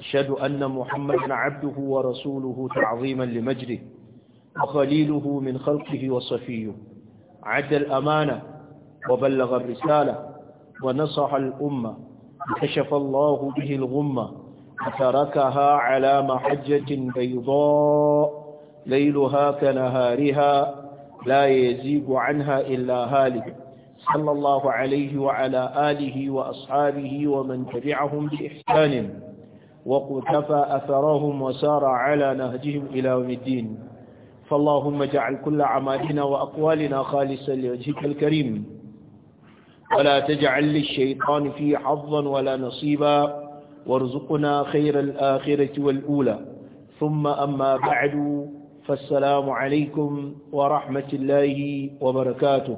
وأشهد أن محمد عبده ورسوله تعظيما لمجده وخليله من خلقه وصفيه عد الأمانة وبلغ الرسالة ونصح الأمة كشف الله به الغمة وتركها على محجة بيضاء ليلها كنهارها لا يزيغ عنها إلا هالك صلى الله عليه وعلى آله وأصحابه ومن تبعهم بإحسان وقتفى أثرهم وسار على نهجهم إلى يوم الدين فاللهم اجعل كل عمالنا وأقوالنا خالصا لوجهك الكريم ولا تجعل للشيطان فيه حظا ولا نصيبا وارزقنا خير الآخرة والأولى ثم أما بعد فالسلام عليكم ورحمة الله وبركاته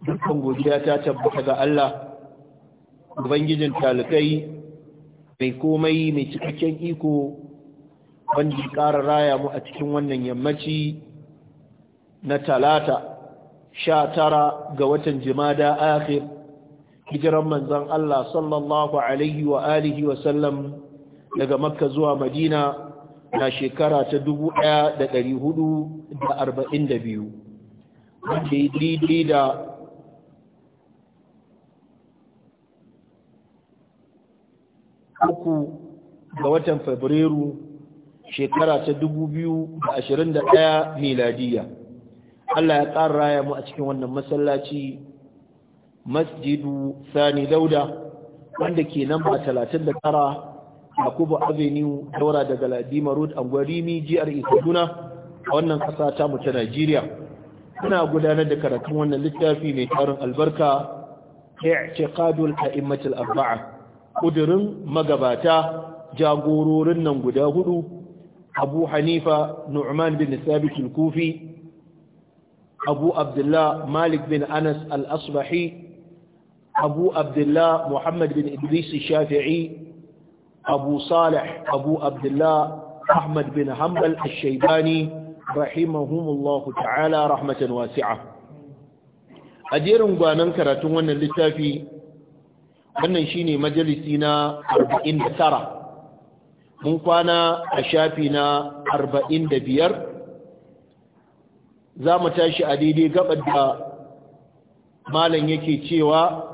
dukkan godiya ta tabbata Allah ubangijin talibai mai komai mai cikakken iko wanda ya ƙara raya mu a cikin wannan yammaci na talata sha tara ga watan jimada akhir hijiran manzan Allah sallallahu alaihi wa alihi wa sallam daga makka zuwa madina na shekara ta dubu ɗaya da da ɗari hudu arba'in biyu, wanda ya daidai da uku ga watan fabrairu shekara ta dubu biyu da ashirin da ɗaya miladiya Allah ya ƙara raya mu a cikin wannan masallaci masjidu sani dauda wanda ke nan ba talatin da tara yakubu avenue daura daga ladima road a gwarimi jihar isaduna e, a wannan ƙasa ta mu ta najeriya muna gudanar da karatun wannan littafi mai tarin albarka ya i'tiqadul a'immatul arba'a ƙudurin magabata jagororin nan guda hudu abu hanifa nu'man bin sabit al-kufi abu abdullah malik bin anas al-asbahi abu abdullah muhammad bin idris shafi'i abu salih abu abdullah ahmad bin hanbal al-shaybani rahimahumullahu ta'ala rahmatan wasi'a a jerin gwanan karatun wannan littafi wannan shine majalisi na 49 mun kwana a shafi na 45 za mu tashi a daidai gabar da malam yake cewa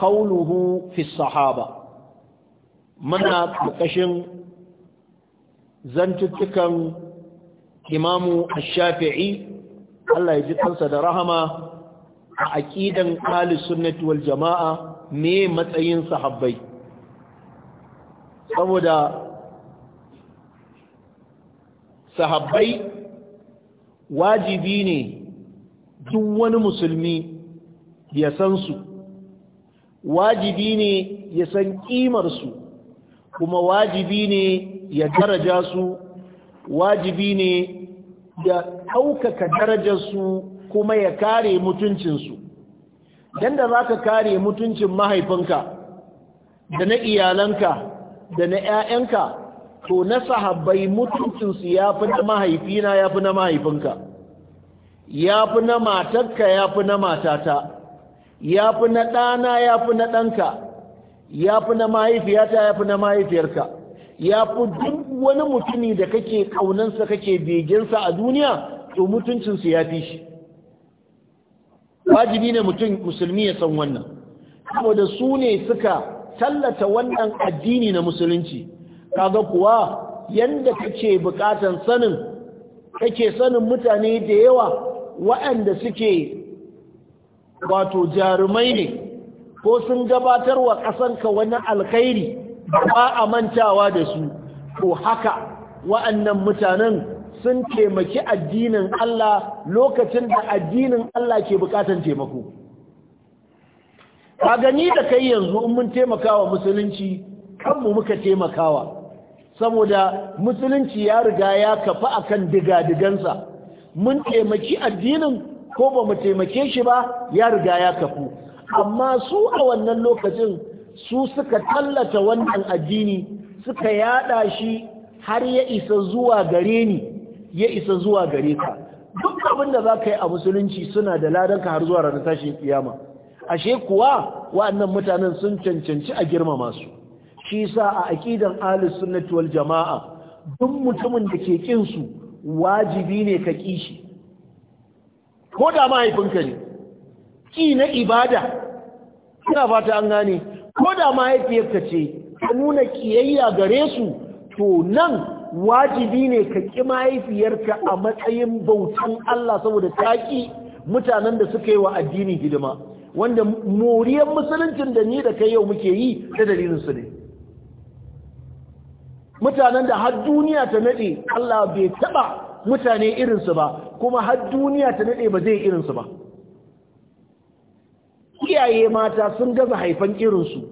qauluhu fi sahaba muna ƙarƙashin zantuttukan imamu a shafii Allah ya ji kansa da rahama a aƙidan ƙalisunnet sunnati wal jama'a me matsayin sahabbai saboda sahabbai wajibi ne duk wani musulmi ya san su wajibi ne ya san ƙimarsu kuma wajibi ne ya daraja su wajibi ne ya ɗaukaka darajarsu kuma ya kare mutuncinsu yanda za ka kare mutuncin mahaifinka da na iyalanka da na 'ya'yanka to na sahabbai mutuncinsu ya fi na mahaifina ya fi na mahaifinka ya fi na matarka ya fi na matata ya fi na ɗana ya fi na ɗanka ya fi na mahaifiyata ya fi na mahaifiyarka ya fi duk wani mutumi da kake ƙaunansa kake begensa a duniya to mutuncinsu ya fi shi wajibi ne mutum musulmi ya san wannan saboda su ne suka tallata wannan addini na musulunci kaga kuwa yanda kake bukatan sanin kake sanin mutane da yawa waɗanda suke wato jarumai ne ko sun gabatar wa ka wani alkhairi ba a mantawa da su ko haka waɗannan mutanen sun taimaki addinin Allah lokacin da addinin Allah ke bukatan taimako ka gani da kai yanzu in mun taimakawa musulunci kanmu muka taimakawa saboda musulunci ya riga ya kafa akan diga-digansa mun taimaki addinin ko ba mu taimake shi ba ya riga ya kafu amma su a wannan lokacin su suka tallata wannan addini suka yada shi har ya isa zuwa gare ni ya isa zuwa gare ka duk abin da za ka yi a musulunci suna da ladanka har zuwa ranar tashin kiyama ashe kuwa wa'annan mutanen sun cancanci a girmama su shi sa a aqidan ahlus sunnati wal jamaa duk mutumin da ke kin su wajibi ne ka kishi shi ko da mahaifinka ne ki na ibada ina fata an gane ko da mahaifiyarka ce ka nuna kiyayya gare su to nan wajibi ne ka ƙi mahaifiyarka a matsayin bautan Allah saboda taƙi mutanen da suka yi wa addini hidima wanda moriyar musuluncin da ni da kai yau muke yi ta dalilin su ne mutanen da har duniya ta nade Allah bai taba mutane irinsu ba kuma har duniya ta nade ba zai irinsu ba iyaye mata sun gaza haifan irinsu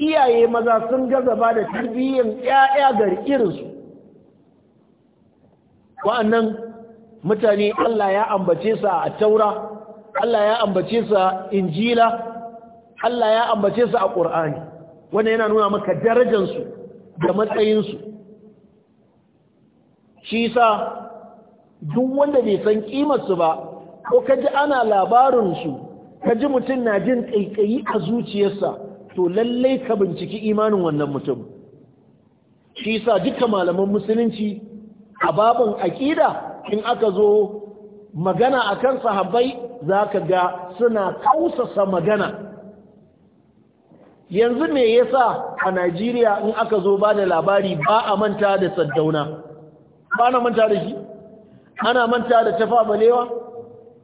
iyaye maza sun gaza ba da tarbiyyar 'ya'ya ga irinsu wa'annan mutane Allah ya ambace su a taura Allah ya ambace su injila Allah ya ambace su a ƙur'ani wannan yana nuna maka darajansu da matsayinsu shi sa duk wanda bai san ƙimarsu ba ko kaji ana labarinsu kaji mutum na jin ƙaiƙayi a zuciyarsa to lallai ka binciki imanin wannan mutum shi sa duka malaman musulunci a babin aƙida in aka zo magana a kan sahabbai za ka ga suna kausasa magana yanzu me yasa a najeriya in aka zo ba da labari ba a manta da saddauna ba na manta da shi ana manta da tafa balewa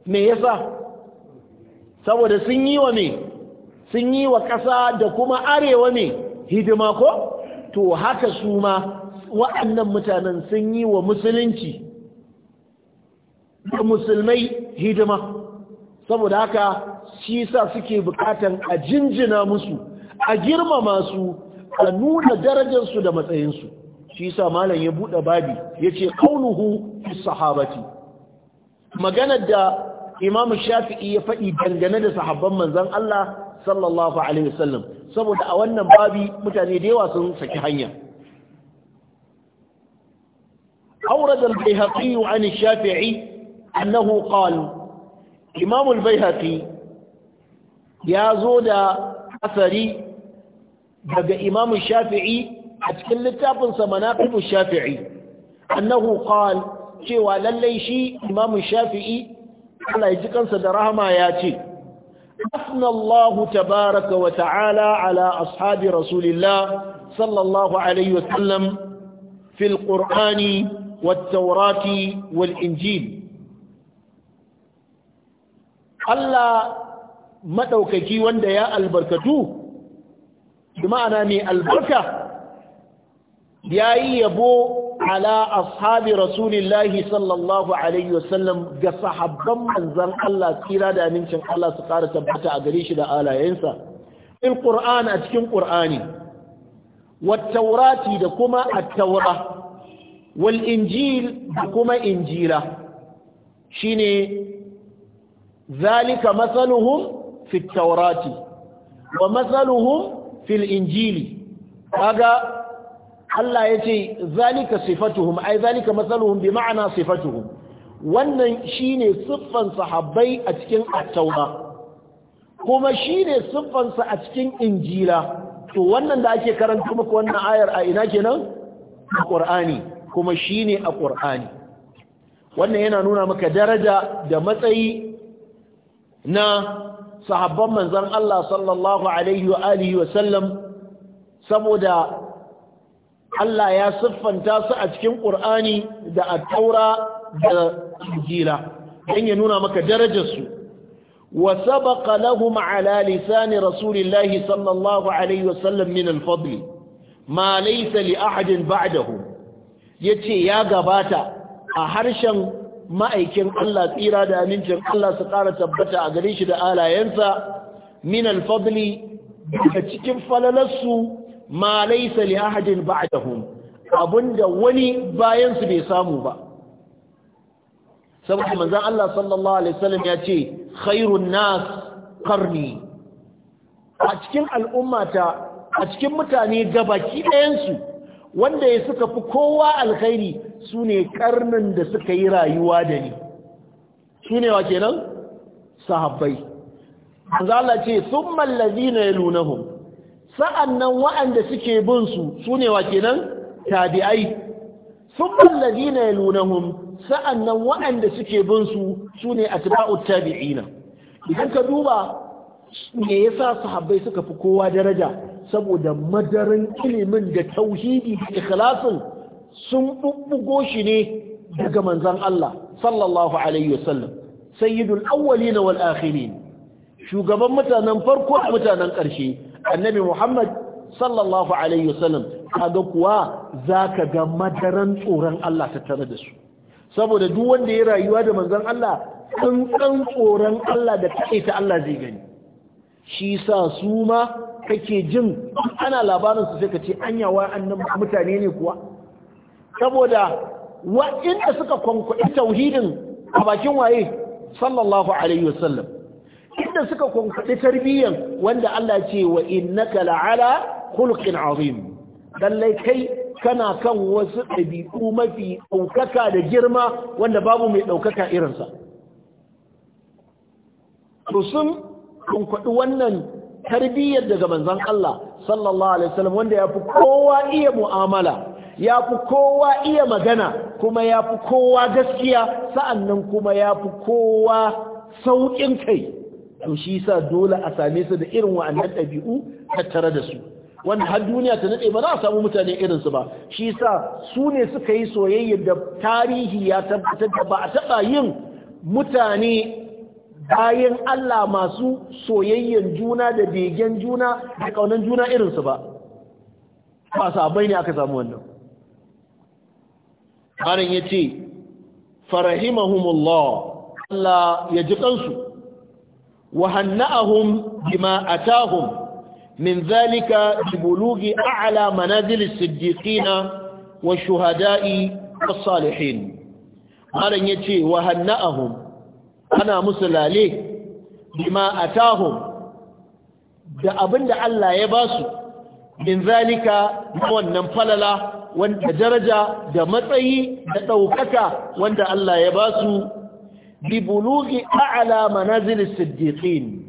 me yasa saboda sun yi wa me sun yi wa ƙasa da kuma arewa me hidima ko to haka su ma wa'annan mutanen sun yi wa musulunci da musulmai hidima saboda haka shi sa suke bukatan a jinjina musu a girmama su a nuna darajarsu da matsayinsu shi sa malam ya buɗe babi ya ce kaunuhu sahabati maganar da imam shafi'i ya faɗi dangane da sahabban manzan Allah sallallahu alaihi wasallam saboda a wannan babi mutane da yawa sun saki hanya أورد البيهقي عن الشافعي أنه قال إمام البيهقي يا زودا أثري بقى إمام الشافعي أتكل التابن سمناقب الشافعي أنه قال شوى لليشي إمام الشافعي على يجيكا صدرها ما ياتي أثنى الله تبارك وتعالى على أصحاب رسول الله صلى الله عليه وسلم في القرآن والتوراة والإنجيل Allah maɗaukaki wanda ya albarkatu, ma'ana mai albarka, ya yi yabo ala ashabi Rasulillahi sallallahu Alaihi wasallam ga sahabban manzan Allah tsira da amincin Allah su ƙara tabbata a gare shi da alayensa. In quran a cikin Ƙur'ani, wa taurati da kuma a taura. wal injil da kuma injila shine zalika masaluhum fi wa masaluhum fil injili kaga Allah yace zalika sifatuhum ai zalika masaluhum bi ma'ana sifatuhum wannan shine siffan sahabbai a cikin at-taura kuma shine siffan a cikin injila to wannan da ake karanta muku wannan ayar a ina kenan a Qur'ani kuma shine a ƙur'ani wannan yana nuna maka daraja da matsayi na sahabban manzon Allah sallallahu alaihi wa alihi saboda Allah ya siffanta su a cikin ƙur'ani da taura da injila don ya nuna maka darajarsu wa sabaqa lahum ala lisani rasulillahi sallallahu alaihi wasallam min al-fadl ma laysa li ahadin ba'dahu ya ce ya gabata a harshen ma'aikin Allah tsira da amincin Allah su ƙara tabbata a gare shi da alayensa min alfadli daga cikin falalarsu ma laisa li ahadin ba'dahum abinda wani bayan su bai samu ba saboda manzon Allah sallallahu alaihi wasallam ya ce khairun nas qarni a cikin al'ummata a cikin mutane gabaki ɗayan su wanda ya suka fi kowa alkhairi su ne karnin da suka yi rayuwa da ni su ne wa nan? sahabbai Allah ce sun mallazi na yalunahun sa'annan wa'anda suke bin su su ne wa kenan tabi'ai sun mallazi na yalunahun sa'annan wa'anda suke bin su su ne a tiba'ut tabi'ina idan ka duba me yasa sahabbai suka fi kowa daraja saboda madarin ilimin da tauhidi da ikhlasin sun bubbugo shi ne daga manzon Allah sallallahu alaihi wasallam sayyidul awwalin wal akhirin shugaban mutanen farko da mutanen ƙarshe annabi Muhammad sallallahu alaihi wasallam kaga kuwa zaka ga madaran tsoron Allah tattare da su saboda duk wanda ya rayuwa da manzon Allah tsantsan tsoron Allah da ta Allah zai gani shi sa su ma kake jin ana labarin su sai ka ce anya wa'annan mutane ne kuwa saboda wa'inda suka kwankwaɗi tauhidin a bakin waye sallallahu alaihi wasallam inda suka kwankwaɗi tarbiyyan wanda Allah ce wa innaka la'ala khuluqin azim lallai kai kana kan wasu ɗabi'u mafi ɗaukaka da girma wanda babu mai ɗaukaka irinsa to sun kwankwaɗi wannan tarbiyyar daga manzon Allah sallallahu alaihi wasallam wanda yafi kowa iya mu'amala yafi kowa iya magana kuma yafi kowa gaskiya sa'annan kuma yafi kowa saukin kai to shi sa dole a same su da irin wa'annan ɗabi'u tattare da su wanda har duniya ta nade ba za a samu mutane irin su ba shi sa su ne suka yi soyayya da tarihi ya tabbatar da ba a taɓa yin mutane bayan Allah masu soyayyen juna da begen juna da kaunan juna irinsu ba ba sabai ne aka samu wannan harin ya ce farahimahumullah Allah ya ji kansu wa hanna'ahum bima atahum min zalika bulugi a'la manazil siddiqina wa shuhada'i wa salihin harin ya ce wa hanna'ahum ana musu lale bima Tahun da abinda Allah ya ba su min zalika wannan falala wanda daraja da matsayi da ɗaukaka wanda Allah ya ba su bi bulugi a'la manazil siddiqin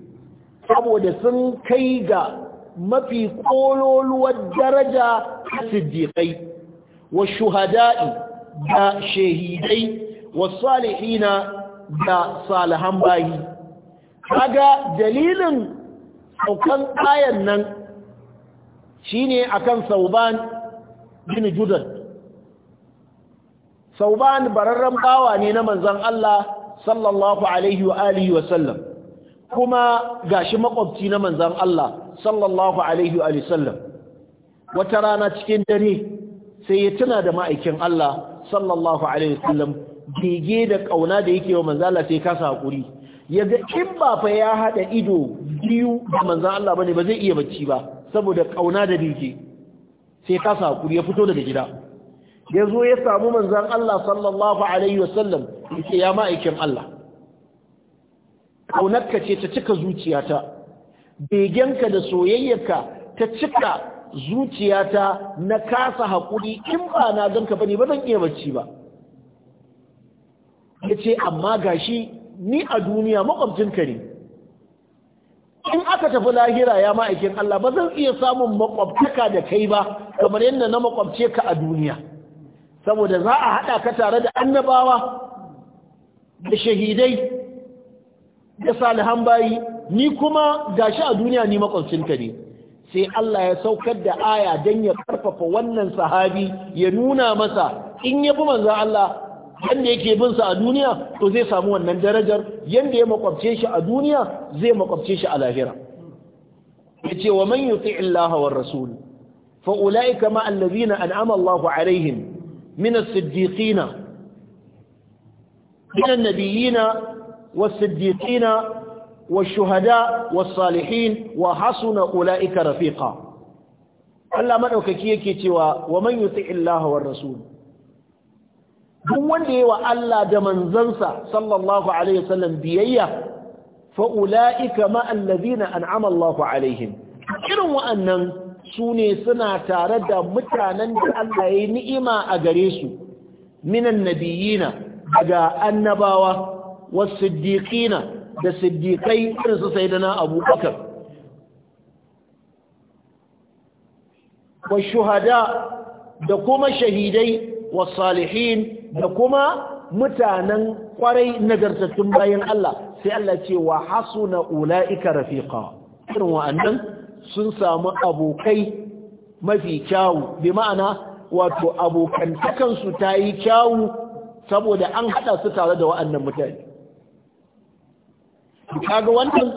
saboda sun kai ga mafi kololuwar daraja siddiqai wa shuhada'i da shahidai wa salihina da salihan bayi kaga dalilin saukan ayan nan shine akan sauban bin judan sauban bararren bawa ne na manzon Allah sallallahu alaihi wa alihi wa sallam kuma gashi makwabci na manzon Allah sallallahu alaihi wa sallam wata rana cikin dare sai ya tuna da ma'aikin Allah sallallahu alaihi wa sallam bege da ƙauna da yake wa Manzala Allah sai kasa haƙuri, yadda in ba fa ya haɗa ido biyu da manzan Allah bane ba zai iya bacci ba saboda ƙauna da bege sai kasa haƙuri ya fito daga gida Ya zo ya samu manzan Allah sallallahu alaihi wasallam ce ya ma'aikin Allah Ƙaunarka ce ta cika zuciyata begenka da soyayyarka ta cika zuciyata na kasa haƙuri, in ba na ganka bane ba zan iya bacci ba ya ce amma gashi ni a duniya makwabcinka ne in aka tafi lahira ya ma'aikin Allah ba zan iya samun makwabtaka da kai ba kamar yadda na makwabce ka a duniya saboda za a haɗa ka tare da annabawa da shahidai da salihan bayi ni kuma gashi a duniya ni makwabcinka ne sai Allah ya saukar da aya don ya karfafa wannan sahabi ya nuna masa in ya bi manzan Allah yanda yake bin sa a duniya to zai samu wannan darajar yanda ya makwabce shi a duniya zai makwabce shi a lahira yace wa man yuti Allah war rasul fa ulaika ma allazina an'ama Allah alaihim min as-siddiqin min an-nabiyyin was-siddiqin والشهداء والصالحين وحسن أولئك رفيقا Allah maɗaukaki yake cewa wa man yuti Allah war rasul duk wanda wa Allah da manzansa sallallahu alaihi wasallam biyayya fa ulaika ma allazina an'ama Allahu alaihim irin wa'annan su ne suna tare da mutanen da Allah ya yi ni'ima a gare su minan nabiyina daga annabawa wasiddiqina da siddiqai irin su sayyidina Abubakar wa shuhada da kuma shahidai wa salihin. da kuma mutanen kwarai nagartattun bayan Allah sai Allah ce wa hasuna ula'ika rafiqa irin wa'annan sun samu abokai mafi kyawu bi ma'ana wato abokantakan su ta yi kyawu saboda an hada su tare da wa'annan mutane kaga wannan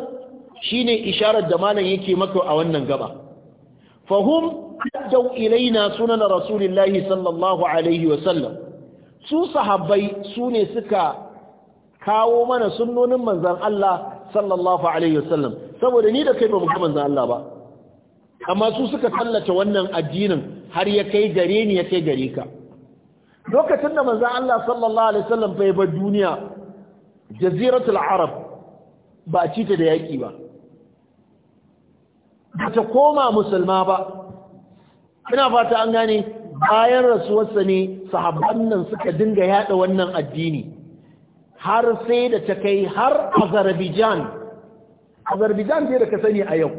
shine isharar da malam yake maka a wannan gaba fahum addu ilaina sunan rasulillahi sallallahu alaihi wa sallam su sahabbai su ne suka kawo mana sunnonin manzan Allah sallallahu alaihi wasallam saboda ni da kai ba mu ka manzan Allah ba amma su suka tallata wannan addinin har ya kai gare ni ya kai gare ka lokacin da manzan Allah sallallahu alaihi wasallam bai bar duniya jaziratul arab ba a cita da yaki ba ba ta koma musulma ba ina fata an gane bayan rasuwarsa ne sahabban nan suka dinga yada wannan addini har sai da ta kai har Azerbaijan Azerbaijan sai da ka sani a yau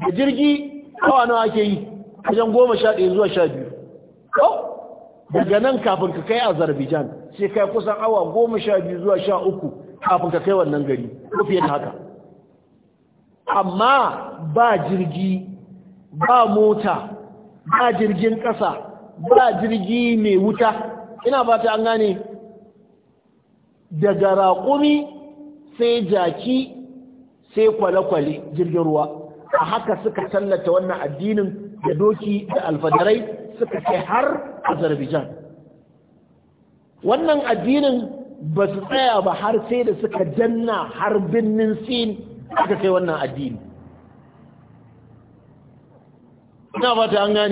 da jirgi kawa nawa ake yi wajen goma sha ɗaya zuwa sha biyu ko daga nan kafin ka kai Azerbaijan sai kai kusan awa goma sha biyu zuwa sha uku kafin ka kai wannan gari ko fiye da haka amma ba jirgi ba mota ba jirgin ƙasa ba jirgi mai wuta ina ba ta an gane daga raƙumi sai jaki sai kwale-kwale jirgin ruwa a haka suka tallata wannan addinin da doki da alfadarai suka kai har azerbaijan wannan addinin ba su tsaya ba har sai da suka janna har birnin sin aka kai wannan addinin. ina ba ta an a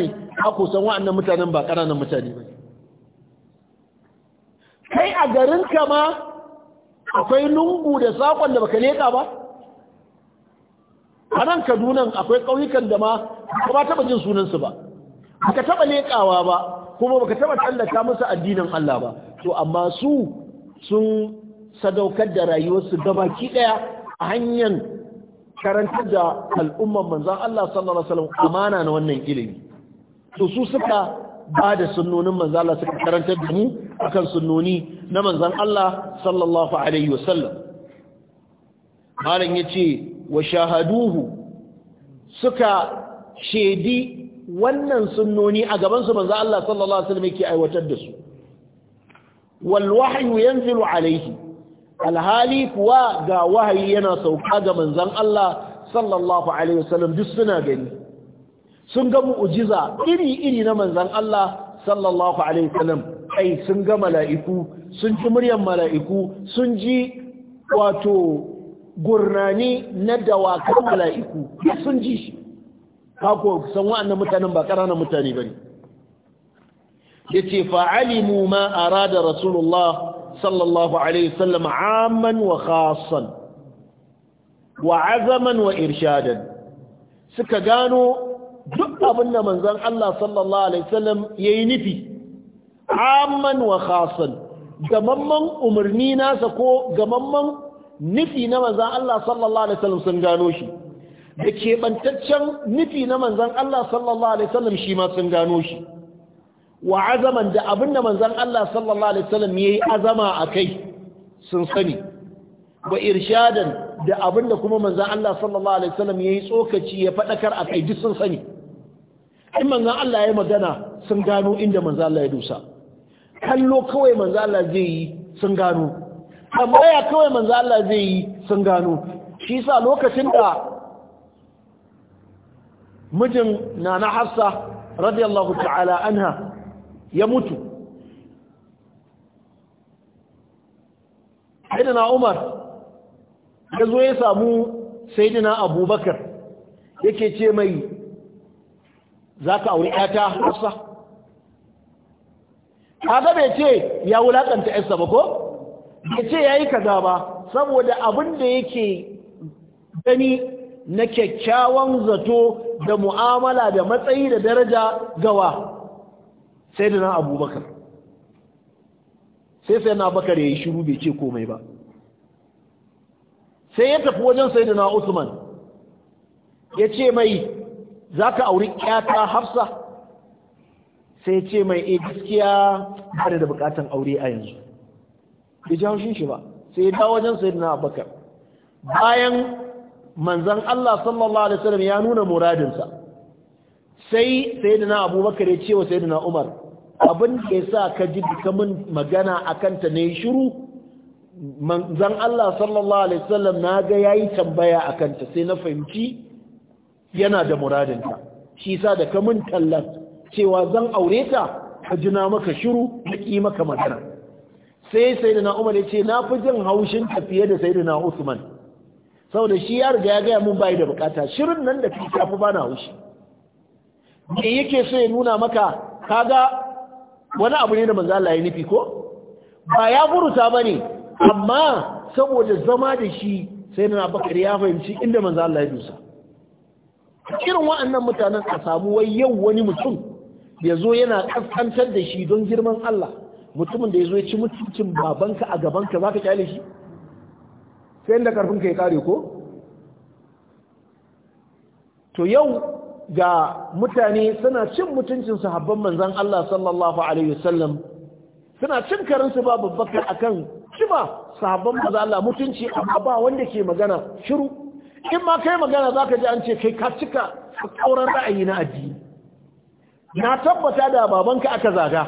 aku san wa'annan mutanen ba ƙananan mutane ba kai a garin ka ma akwai lungu da saƙon da baka leƙa ba a nan kadunan akwai ƙauyukan da ma ba taɓa jin sunansu ba baka taɓa leƙawa ba kuma baka taɓa tallata musu addinin Allah ba to amma su sun sadaukar da rayuwarsu gabaki ɗaya a hanyar karantar da al'umman manzan Allah sallallahu alaihi wasallam amana na wannan ilimi to su suka ba da sunnonin manzan Allah suka karantar da mu akan sunnoni na manzan Allah sallallahu alaihi wasallam malam yace wa shahaduhu suka shaidi wannan sunnoni a gabansu manzan Allah sallallahu alaihi wasallam yake aiwatar da su wal wahyu yanzilu alaihi alhali kuwa ga wahayi yana sauka ga manzon Allah sallallahu alaihi wasallam duk suna gani sun ga mu'jiza iri-iri na manzon Allah sallallahu alaihi wasallam ai sun ga mala'iku sun ji muryar mala'iku sun ji wato gurnani na dawakan mala'iku sun ji shi ko san wa'annan mutanen ba ƙananan mutane bane yace fa'alimu ma arada rasulullah sallallahu alaihi wasallam amman wa khassan wa azaman wa irshadan suka gano duk abinda da Allah sallallahu alaihi wasallam yayi nufi Aman wa khassan gamamman umarni nasa ko gamamman nufi na manzon Allah sallallahu alaihi wasallam sun gano shi da keɓantaccen nufi na manzan Allah sallallahu Alaihi shi ma sun gano shi wa azaman da abinda manzon Allah sallallahu alaihi wasallam yayi azama akai sun sani wa irshadan da abinda kuma manzon Allah sallallahu alaihi wasallam yayi tsokaci ya faɗakar akai duk sun sani in manzon Allah ya magana sun gano inda manzon Allah ya dusa kallo kawai manzon Allah zai yi sun gano tambaya kawai manzon Allah zai yi sun gano shi sa lokacin da mijin nana Hafsa radiyallahu ta'ala anha ya mutu sayyidina umar ya zo ya samu sayyidina abubakar yake ce mai za ka auri ‘yata hafsa kaga bai ce ya wulaƙanta ‘yarsa ba ko? bai ce ya yi kaza ba saboda abin da yake gani na kyakkyawan zato da mu'amala da matsayi da daraja gawa sai da na abubakar sai sai na bakar ya yi shiru bai ce komai ba sai ya tafi wajen sai da na usman ya ce mai za ka auri kyata hafsa sai ya ce mai a eh, gaskiya ba da bukatan aure a yanzu bai ji haushin shi ba sai ya dawo wajen sai da na bakar bayan manzan Allah sallallahu Alaihi wasallam ya nuna muradinsa sai sai da na abubakar ya ce wa sai da na umar abin da ya sa ka ji kamun magana a kanta ne shiru manzan Allah sallallahu Alaihi wasallam na ga ya yi tambaya a kanta sai na fahimci yana da muradinta shi sa da ka kamun tallar cewa zan aure ta ka jina maka shiru ka ƙi maka magana sai sai da umar ya ce na fi jin haushin tafiye da sai da usman saboda shi ya riga ya gaya mun bayi da bukata shirin nan da fi tafi ba na haushi me yake so ya nuna maka kaga wani abu ne da manzo Allah ya nufi ko ba ya furuta bane amma saboda zama da shi sai na bakar ya fahimci inda manzo Allah ya dusa kiran wa'annan mutanen a samu wai yau wani mutum ya zo yana kaskantar da shi don girman Allah mutumin da ya zo ya ci mutuncin babanka a gabanka za ka kyale shi sai inda karfinka ya kare ko to yau ga mutane suna cin mutuncin sahabban manzan Allah sallallahu alaihi wasallam suna cin karinsu babu bakar akan kima sahabban manzan Allah mutunci amma ba wanda ke magana shiru in ma kai magana zaka ji an ce kai ka cika tsauran ra'ayi na addini na tabbata da babanka aka zaga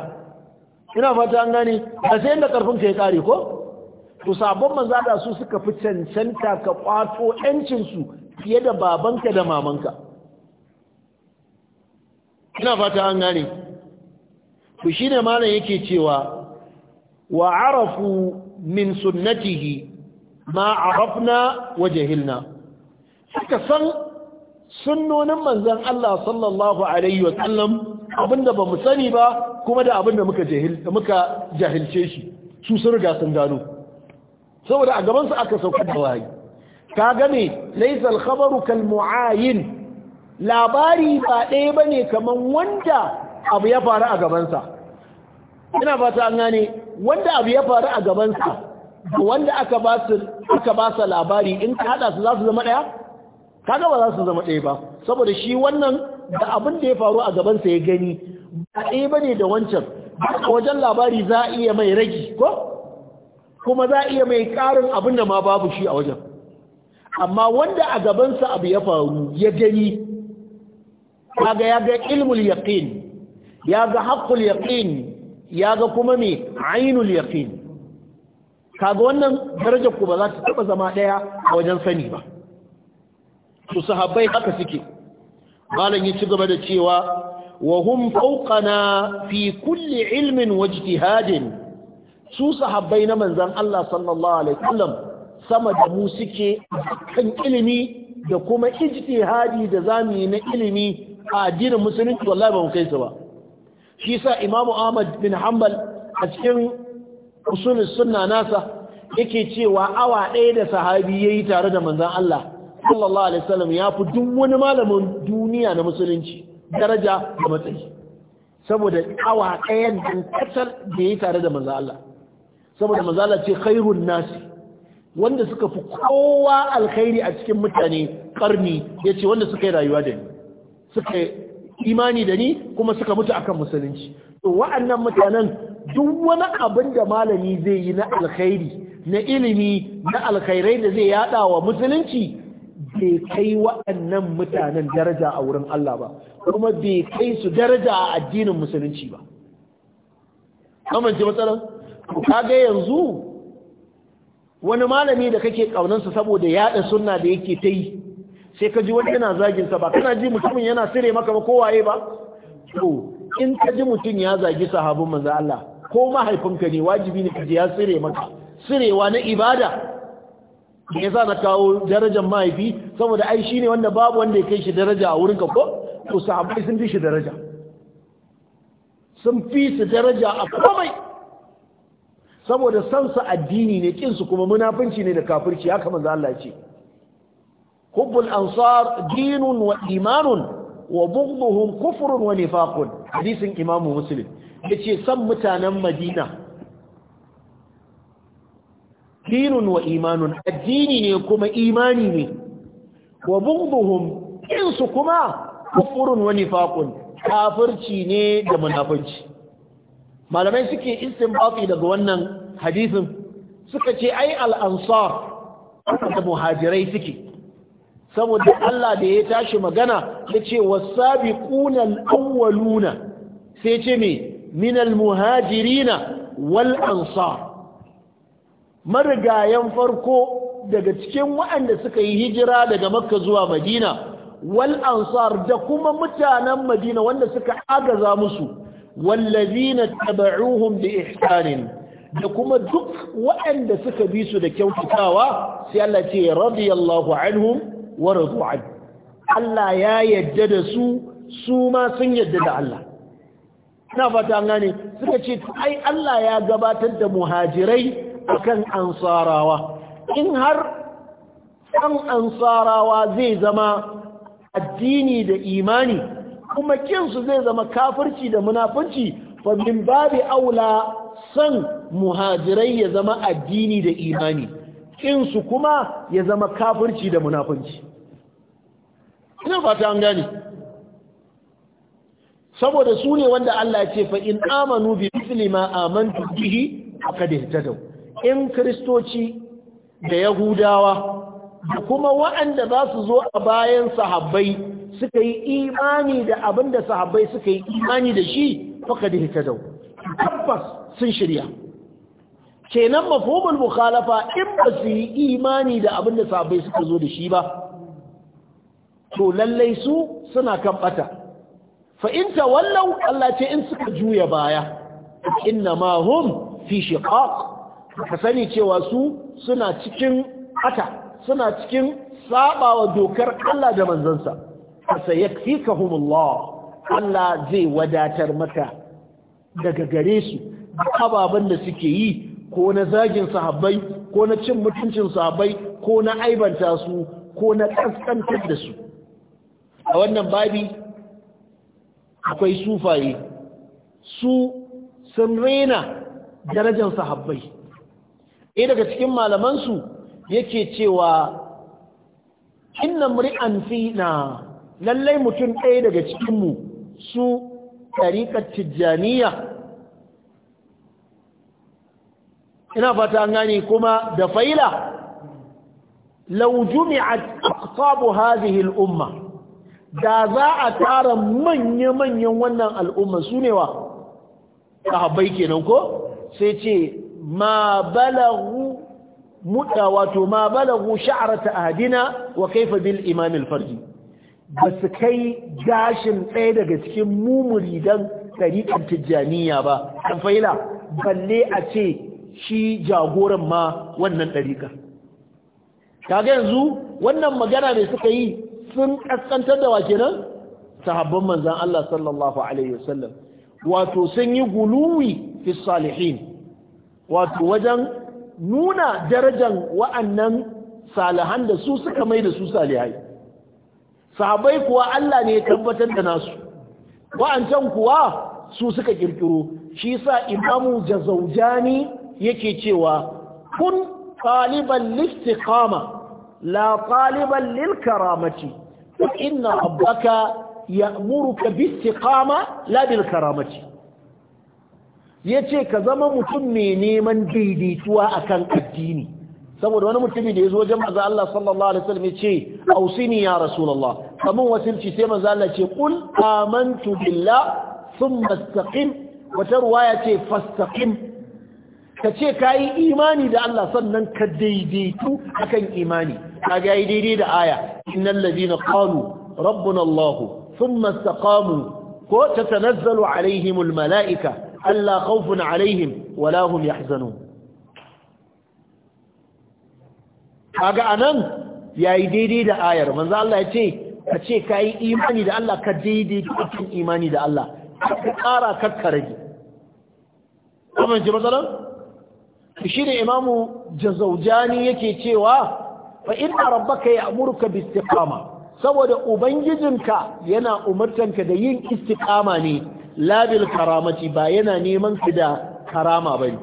ina fata an gane a sai inda karfin ka ya kare ko to sahabban manzan Allah su suka fi cancanta ka kwato yancin su fiye da babanka da mamanka ina fata an gane ku shi malam yake cewa wa arafu min sunnatihi ma arafna wa jahilna san sunnonin manzon Allah sallallahu alaihi abinda ba mu sani ba kuma da abinda muka jahil muka jahilce shi su sun riga sun gano saboda a gaban su aka sauka da wahayi Ka gane laysa al-khabaru kal mu'ayin labari ba ɗaya ba ne kamar wanda abu ya faru a gabansa ina fata an gane wanda abu ya faru a gabansa da wanda aka ba sa labari in ka haɗa su za su zama ɗaya kaga ba za su zama ɗaya ba saboda shi wannan da abin da ya faru a gabansa ya gani ba ɗaya ba ne da wancan a wajen labari za a iya mai ragi ko kuma za a iya mai ƙarin abin da ma babu shi a wajen amma wanda a gabansa abu ya faru ya gani kaga ya ga ilmul yaqin ya ga haqqul yaqin ya ga kuma me ainul yaqin kaga wannan darajar ku ba za ta taba zama daya a wajen sani ba su sahabbai haka suke malam ya ci gaba da cewa wa hum fawqana fi kulli ilmin wajtihadin su sahabbai na manzon Allah sallallahu alaihi wasallam sama da mu suke kan ilimi da kuma ijtihadi da zamu yi na ilimi a addinin musulunci wallahi ba mu kai su ba shi sa imamu ahmad bin hanbal a cikin usulul sunna nasa yake cewa awa ɗaya da sahabi yayi tare da manzon Allah sallallahu alaihi wasallam ya fi duk wani malamin duniya na musulunci daraja da matsayi saboda awa ɗaya da kasar da yayi tare da manzon Allah saboda manzon Allah ce khairun nasi wanda suka fi kowa alkhairi a cikin mutane karni ya ce wanda suka yi rayuwa da ni suka imani da ni kuma suka mutu akan musulunci to wa'annan mutanen duk wani abin da malami zai yi na alkhairi na ilimi na alkhairai da zai yada wa musulunci bai kai wa'annan mutanen daraja a wurin Allah ba kuma bai kai su daraja a addinin musulunci ba matsalar? matsalan kaga yanzu wani malami da kake kaunansa saboda yada sunna da yake ta yi sai ka ji wani yana zagin sa ba kana ji mutumin yana sire maka ba kowaye ba to in ka ji mutum ya zagi sahabin manzo Allah ko mahaifinka ne wajibi ne ka ji ya sire maka sirewa na ibada me yasa na kawo darajar mahaifi saboda ai shine wanda babu wanda ya kai shi daraja a wurinka ko to sahabbai sun fi shi daraja sun fi su daraja a komai saboda san su addini ne kin su kuma munafunci ne da kafirci haka manzo Allah ya ce حب الانصار دين وايمان وبغضهم كفر ونفاق حديث امام مسلم يجي يتي سمتنا مدينه دين وايمان الدين ني كما ايماني ني وبغضهم انس كما كفر ونفاق كافرتي ني ده munafunci malamai suke istinbati daga wannan hadisin suka ce ai al-ansar da muhajirai suke saboda Allah da ya tashi magana ya ce wasabiquna al-awwaluna sai ce me minal muhajirina wal ansar marigayen farko daga cikin waɗanda suka yi hijira daga makka zuwa madina wal ansar da kuma mutanen madina wanda suka agaza musu na taba'uhum da ihsanin da kuma duk waɗanda suka bi su da kyautatawa sai Allah ce radiyallahu anhum wa radu'an Allah ya yadda da su su ma sun yadda da Allah ina fata gane suka ce ai Allah ya gabatar da muhajirai akan ansarawa in har ɗan ansarawa zai zama addini da imani kuma kinsu zai zama kafirci da munafunci fa min babi aula san muhajirai ya zama addini da imani su kuma ya zama kafirci da munafunci ina fata an gani. saboda su ne wanda Allah ya ce fa in amanu bi mithli ma amantu bihi ta dau. in kristoci da yahudawa da kuma waɗanda za su zo a bayan sahabbai suka yi imani da abin da sahabbai suka yi imani da shi da ta dau. tabbas sun shirya kenan mafhumul mukhalafa in ba su yi imani da abin da sabai suka zo da shi ba to lallai su suna kan bata fa in Allah ce in suka juya baya inna ma hum fi shiqaq ka sani cewa su suna cikin bata suna cikin sabawa dokar Allah da manzansa sayakfikahumullah Allah zai wadatar maka daga gare su ababen da suke yi ko na zagin sahabbai ko na cin mutuncin sahabbai ko na aibanta su ko na kaskantar da su a wannan babi akwai sufaye su sun rena darajar sahabbai ɗaya daga cikin malamansu yake cewa inna mri'an na lallai mutum ɗaya daga cikinmu su ɗariƙar tijjaniya ina fata an gane kuma da faila law jumi'at aqtabu hadhihi al-umma da za a tara manya manyan wannan al'umma sune wa sahabbai kenan ko sai ce ma balagu muda wato ma balagu sha'rata ahdina wa kaifa bil imam al-farji basu kai gashin ɗaya daga cikin mu muridan tariqar tijjaniya ba an faila balle a ce shi jagoran ma wannan ɗarika kaga yanzu wannan magana ne suka yi sun ƙasƙantar da wake nan sahabban manzan Allah sallallahu Alaihi wasallam wato sun yi guluwi fi salihin wato wajen nuna darajan wa'annan salihan da su suka mai da su salihai sahabai kuwa Allah ne ya tabbatar da nasu wa'ancan kuwa su suka ƙirƙiro shi sa imamu jazaujani yake cewa kun taliban listiqama la taliban lil karamati inna rabbaka ya'muruka bistiqama la bil karamati yace ka zama mutum mai neman daidaituwa akan addini saboda wani mutumi da ya zo wajen manzo Allah sallallahu alaihi wasallam yace ausini ya rasulullah kamun wasilci sai manzo Allah ce qul amantu billah thumma istaqim wata ruwaya ce fastaqim ka ce ka yi imani da Allah sannan ka daidaitu akan imani ka ga yi daidai da aya innal ladina qalu rabbuna Allah thumma istaqamu ko tatanazzalu alaihim allah alla khawfun alaihim wala hum yahzanun kaga anan yayi daidai da ayar manzo Allah ya ce ka ce ka yi imani da Allah ka daidaitu akan imani da Allah ka kara ka rage kuma ji matsalar shi ne imamu jazaujani yake cewa fa inna rabbaka ya'muruka bi istiqama saboda ubangijinka yana umurtanka da yin istiqama ne labil karamati ba yana neman ka da karama bane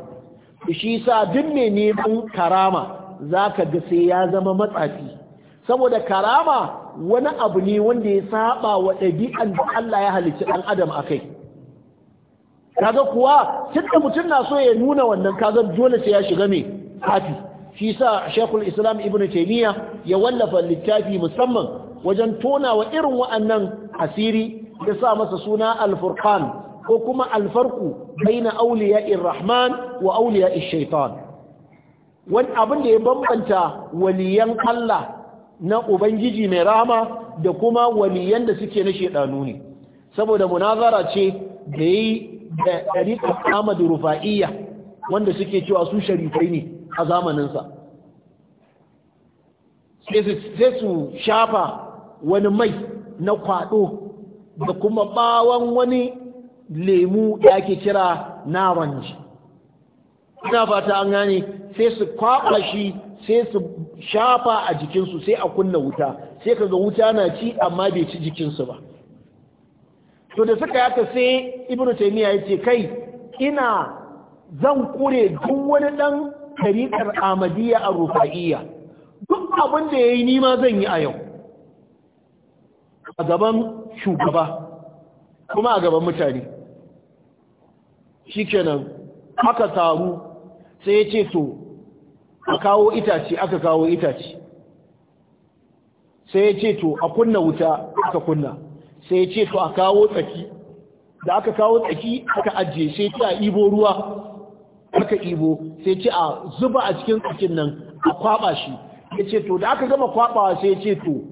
shi sa duk mai neman karama zaka ga sai ya zama matsafi saboda karama wani abu ne wanda ya saba wa ɗabi'an da Allah ya halicci ɗan adam akai kaga kuwa tunda mutum na so ya nuna wannan kaga dole sai ya shiga me kafi shi sa shekul islam ibnu taymiya ya wallafa littafi musamman wajen tonawa irin wa'annan asiri ya sa masa suna al-furqan ko kuma al-farqu baina in rahman wa awliya'ish shaitan wani abin da ya bambanta waliyan Allah na ubangiji mai rahama da kuma waliyan da suke na shedanu ne saboda munazara ce da yi da ɗariƙar Ahmad Rufa'iyya wanda suke cewa su sharifai ne a zamaninsa. Sai su shafa wani mai na kwaɗo da kuma ɓawon wani lemu da ake kira naranji. Ina fata an gane sai su kwaɓa shi sai su shafa a jikinsu sai a kunna wuta sai kaga wuta na ci amma bai ci jikinsu ba. to da suka yaka sai ibn taymiya yace kai ina zan kure duk wani dan tariqar amadiyya a rufa'iyya duk abin da yayi ni ma zan yi a yau a gaban shugaba kuma a gaban mutane shikenan aka taru sai ya ce to a kawo itace aka kawo itace sai ya ce to a kunna wuta aka kunna sai ya ce to a kawo tsaki da aka kawo tsaki aka ajiye sai ce a ibo ruwa aka ibo sai ce a zuba a cikin tsakin nan a kwaba shi ya ce to da aka gama kwabawa sai ce to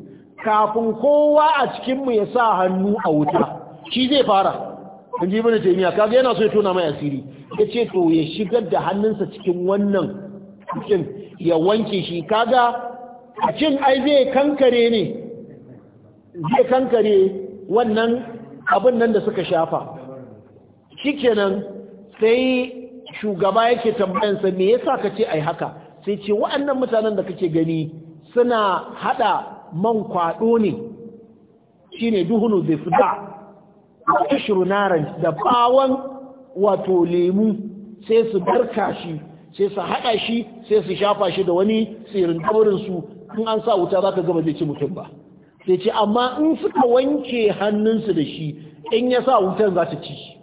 kafin kowa a cikinmu ya sa hannu a wuta shi zai fara in ji bane taymiya kaga yana so ya tona mai asiri ya ce to ya shigar da hannunsa cikin wannan cikin ya wanke shi kaga a cin ai zai kankare ne zai kankare wannan abin nan da suka shafa shi kenan sai shugaba yake tambayansa me yasa ka ce ai haka sai ce wa'annan mutanen da kake gani suna haɗa man kwaɗo ne shine duhunu zifda ishru naran da bawon wato lemu sai su barka shi sai su hada shi sai su shafa shi da wani tsirin su in an sa wuta za ka gama zai ci mutum ba sai ce amma in suka wanke hannunsu da shi in ya sa wutan za su ci shi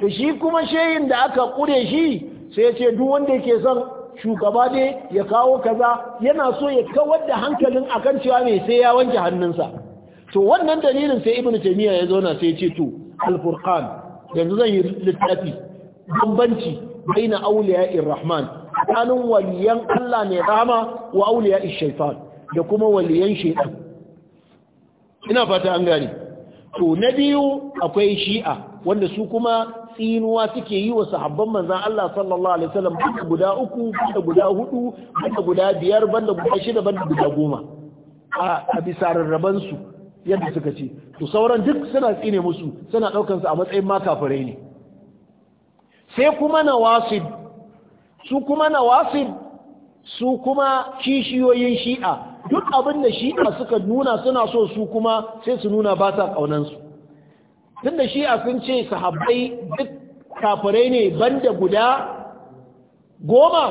da shi kuma shehin da aka kure shi sai yace ce duk wanda yake son shugaba ne ya kawo kaza yana so ya kawar da hankalin akan cewa mai sai ya wanke hannunsa to wannan dalilin sai ibnu taymiya ya zauna sai ya ce to al yanzu zan yi littafi bambanci baina awliya'ir rahman tsakanin waliyan Allah ne rama wa awliya'ir shaytan da kuma waliyan shaytan ina fata an gane to na biyu akwai shi'a wanda su kuma tsinuwa suke yi wa sahabban manzan Allah sallallahu alaihi wasallam banda guda uku banda guda hudu banda guda biyar banda guda shida banda guda goma a bisa rarraban su yadda suka ce to sauran duk suna tsine musu suna daukan su a matsayin ma ne sai kuma nawasib su kuma nawasib su kuma kishiyoyin shi'a duk abin da shi'a suka nuna suna so su kuma sai su nuna ba sa ƙaunansu tun da shi'a sun ce sahabbai duk kafirai ne banda guda goma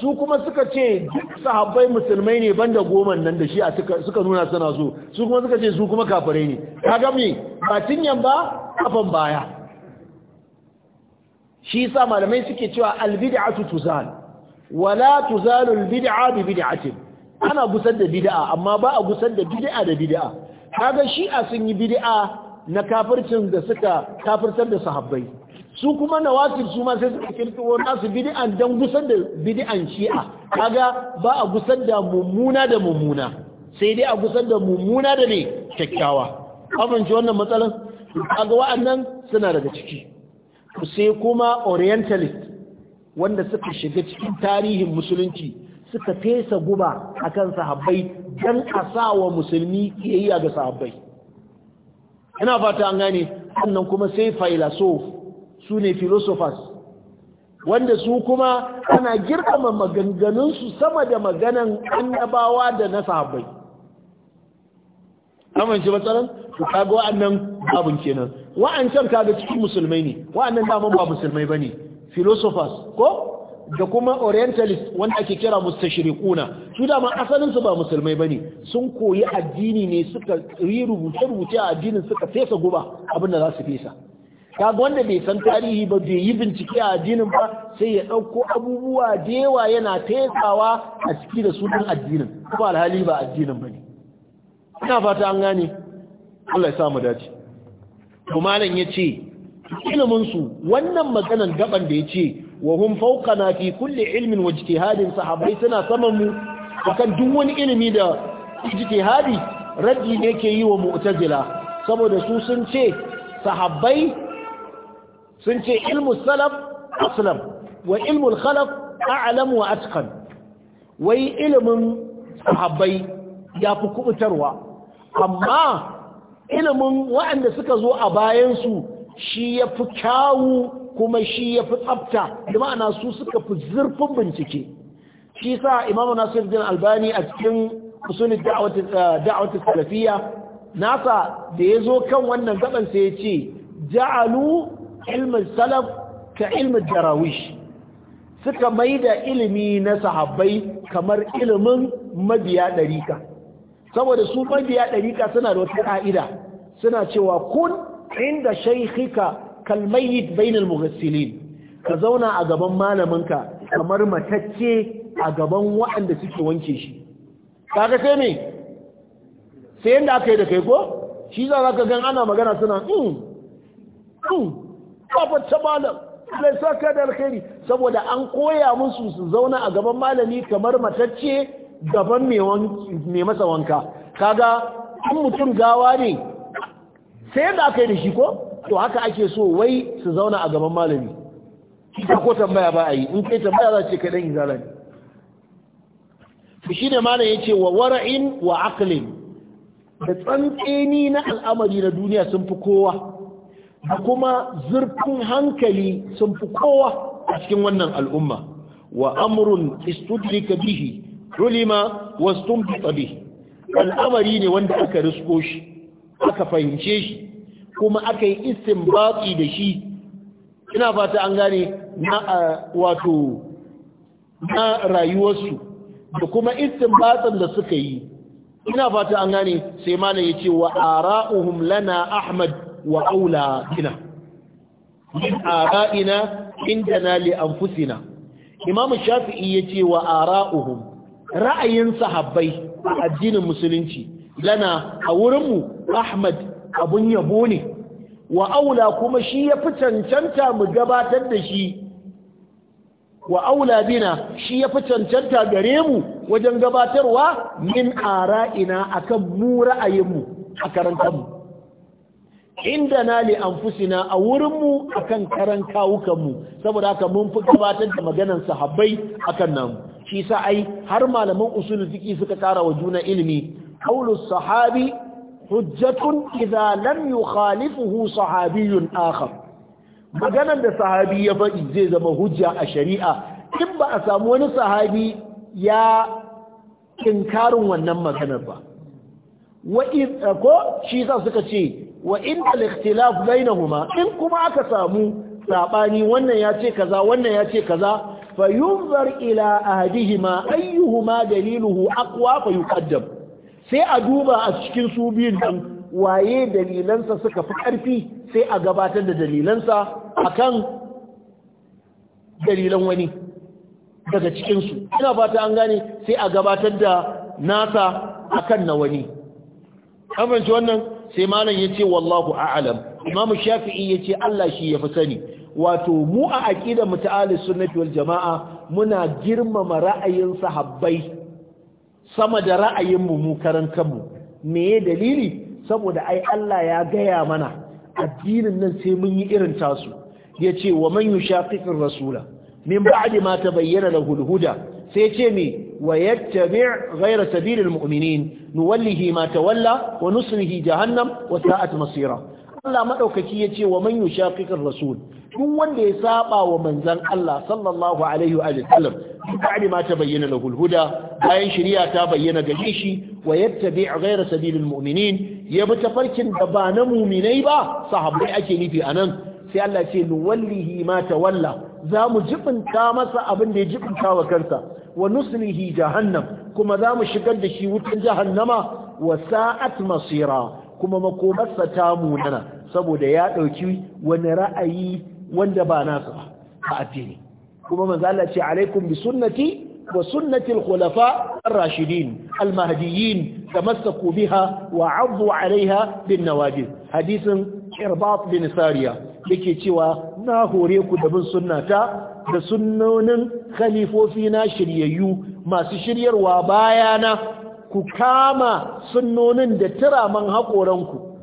su kuma suka ce duk sahabbai musulmai ne banda goma nan da Shi'a suka nuna suna so su kuma suka ce su kuma kafirai ne kaga me ba cinyan ba kafan baya shi yasa malamai suke cewa albid'atu tuzal wala tuzalul bid'a bi bid'atin ana gusar da bid'a amma ba a gusar da bid'a da bid'a kaga shi'a sun yi bid'a na kafircin da suka kafirtar da sahabbai su kuma nawasir su ma sai suka kirkiro nasu bid'an dan gusar da bid'an shi'a kaga ba a gusar da mummuna da mummuna sai dai a gusar da mummuna da ne kyakkyawa ji wannan matsalan kaga wa'annan suna daga ciki sai kuma orientalist wanda suka shiga cikin tarihin musulunci suka fesa guba akan sahabbai don a sa wa musulmi kiyayya ga sahabbai ina fata an gane sannan kuma sai filosof su ne filosofas wanda su kuma ana girkama maganganunsu sama da maganan annabawa da na sahabbai amince matsalan to kaga wa'annan babin kenan wa'ancan kaga cikin musulmai ne wa'annan daman ba musulmai bane filosofas ko da kuma orientalist wanda ake kira mustashriquna su ma asalin su ba musulmai bane sun koyi addini ne suka yi rubuce rubuce a addinin suka fesa guba abinda za su fesa kaga wanda bai san tarihi ba bai yi bincike a addinin ba sai ya dauko abubuwa da yawa yana fesawa a ciki da sunan addinin kuma alhali ba addinin bane ina fata an gane Allah ya sa mu dace kuma nan yace ilimin su wannan maganan gaban da yace wa hum fawqana fi kulli ilmin wa ijtihadin sahabai suna saman mu akan duk wani ilimi da ijtihadi raddi ne ke yi wa mu'tazila saboda su sun ce sahabbai sun ce ilmu salaf aslam wa ilmu al-khalaf a'lam wa atqan wai ilimin sahabbai ya fi kubutarwa amma ilimin waɗanda suka zo a bayansu shi ya fi kyawu kuma shi ya fi tsafta da ma'ana su suka fi zurfin bincike shi sa imamu nasir din albani a cikin usul da'awati eh, salafiyya nasa da ya zo kan wannan gaban sai ya ce ja'alu ilmin salaf ka ilmin darawish suka mai da ilimi na sahabbai kamar ilimin mabiya ɗarika saboda su mabiya ɗarika suna da wata ƙa'ida suna cewa kun inda shaikhika kalmayit bainal mughassilin ka zauna a gaban malaminka kamar matacce a gaban waɗanda suke wanke shi kaga sai me sai yanda aka yi da kai ko shi za ka gan ana magana suna mm mm kafa ta malam Allah saka da alkhairi saboda an koya musu su zauna a gaban malami kamar matacce gaban mai masa wanka kaga in mutum gawa ne sai yanda aka yi da shi ko to haka ake so wai su zauna a gaban malami kika ko tambaya ba a yi in kai tambaya za ce ka dan izala ne shi shine malam ce wa wara'in wa aqlin da tsantseni na al'amari na duniya sun fi kowa da kuma zurfin hankali sun fi kowa a cikin wannan al'umma wa amrun istudrika bihi ulima wastumtu bihi al'amari ne wanda aka risko shi aka fahimce shi kuma aka yi isin baƙi da shi ina fata an gane na wato na rayuwarsu da kuma isin baƙin da suka yi ina fata an gane sai ya ce wa ara'uhum lana ahmad wa aula bina min ara'ina le an fusina. imamu shafi'i ya ce wa ara'uhum ra'ayin sahabbai a addinin musulunci lana a wurinmu ahmad abun yabo ne wa aula kuma shi ya fi cancanta mu gabatar da shi wa aula bina shi ya fi cancanta gare mu wajen gabatarwa min ara'ina akan mu ra'ayinmu a mu? inda na li anfusina a wurin mu akan karan mu saboda haka mun fi gabatar da maganan sahabbai akan namu shi sa ai har malaman usul fiqi suka karawa wa juna ilimi qaulus sahabi hujjatun idza lam yukhalifuhu sahabiyyun akhar maganar da sahabi ya faɗi zai zama hujja a shari'a in ba a samu wani sahabi ya inkarin wannan maganar ba wa ko shi sa suka ce wa in al-ikhtilaf bainahuma in kuma aka samu sabani wannan ya ce kaza wannan ya ce kaza yunzar ila ahadihima ayyuhuma daliluhu aqwa fayuqaddam sai a duba a cikin su biyun nan waye dalilansa suka fi ƙarfi sai a gabatar da dalilansa akan dalilan wani daga cikinsu ina fata an gane sai a gabatar da nasa akan na wani amince wannan sai malam ya ce wallahu a'alam imamu shafi'i ya ce Allah shi ya fi sani wato mu a aƙidar mutu'alis sunnati wal jama'a muna girmama ra'ayin sahabbai sama da ra'ayinmu mu karan kanmu meye dalili saboda ai Allah ya gaya mana addinin nan sai mun yi irin tasu yace wa man yushaqiqir rasula min ba'di ma tabayyana lahu al-huda sai ce me wa yattabi' ghayra sabilil mu'minin nuwallihi ma tawalla wa nuslihi jahannam wa sa'at masira Allah ya ce wa man yushaqiqir rasul duk wanda ya saba wa manzon Allah sallallahu alaihi wa sallam ba'di ma ta bayyana al bayan shari'a ta bayyana gare shi wa yattabi' ghayra sabilil mu'minin ya bi tafarkin da ba na mu'minai ba sahabbai ake nufi anan sai Allah ce nuwallihi ma tawalla za mu jibinta masa abin da ya jibinta wa kansa wa nuslihi jahannam kuma za mu shigar da shi wutan jahannama wa sa'at masira kuma makomarsa ta munana saboda ya ɗauki wani ra'ayi wanda ba nasa ba a addini kuma manzo ce alaikum bi sunnati wa sunnati al-khulafa ar-rashidin al-mahdiyyin tamassaku biha wa 'addu 'alayha bin nawajid hadisin irbat bin sariya yake cewa na hore ku da bin sunnata da sunnonin khalifofi na shiryayyu masu shiryarwa bayana ku kama sunnonin da man haƙoranku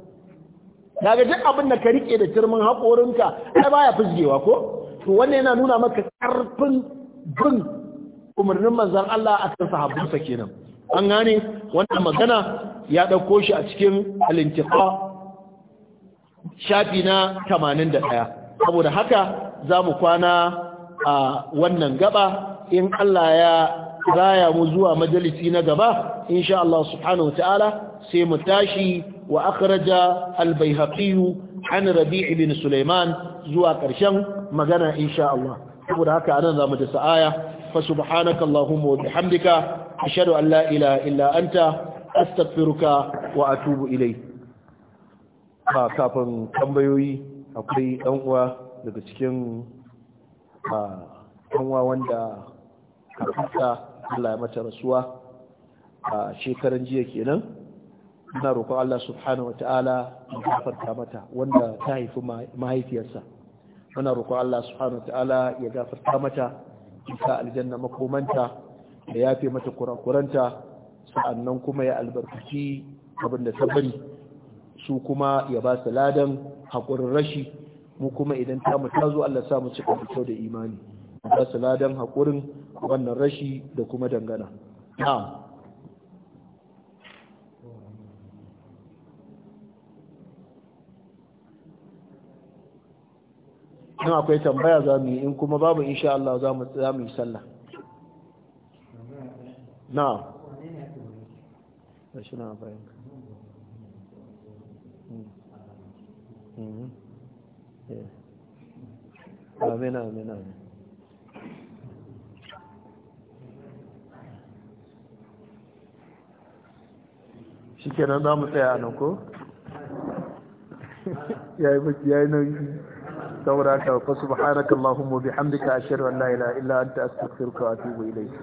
daga duk abin da ka riƙe da tirmin haƙorinka ai baya fusgewa ko to wannan yana nuna maka ƙarfin bin umarnin manzon Allah a akan sahabbansa kenan an gane wannan magana ya ɗauko shi a cikin al-intiqa shafi na 81 saboda haka za mu kwana a wannan gaba in Allah ya ya mu zuwa majalisi na gaba insha Allah subhanahu ta'ala sai mu tashi wa akhraja al-baihaqi an rabi' ibn sulaiman zuwa karshen magana insha Allah saboda haka anan zamu da sa'aya fa subhanaka allahumma wa bihamdika ashhadu an la ilaha illa anta astaghfiruka wa atubu ilayk ba kafin tambayoyi akwai dan uwa daga cikin ah, a wanda kafinta Allah ya mata rasuwa a shekaran jiya kenan ina roƙon Allah subhanahu wata'ala ya gafarta mata wanda ta haifi mahaifiyarsa muna roƙon Allah subhanahu wata'ala ya gafarta mata isa aljanna makomanta da yafe mata kurakuranta sa'annan kuma ya albarkaci abin da ta bari su kuma ya ba su ladan haƙurin rashi mu kuma idan ta mu tazo, zo Allah sa mu cika fito da imani ba su ladan haƙurin wannan rashi da kuma dangana na'am in akwai tambaya za mu yi in kuma babu insha Allah za mu yi sallah na'am na bayan hmm. hmm. hmm. Amen, amen, shi kenan za mu tsaya nan ko ya yi baki ya yi nauyi saboda haka fa subhanakallahumma bihamdika ashhadu an la ilaha illa anta astaghfiruka wa atubu ilayk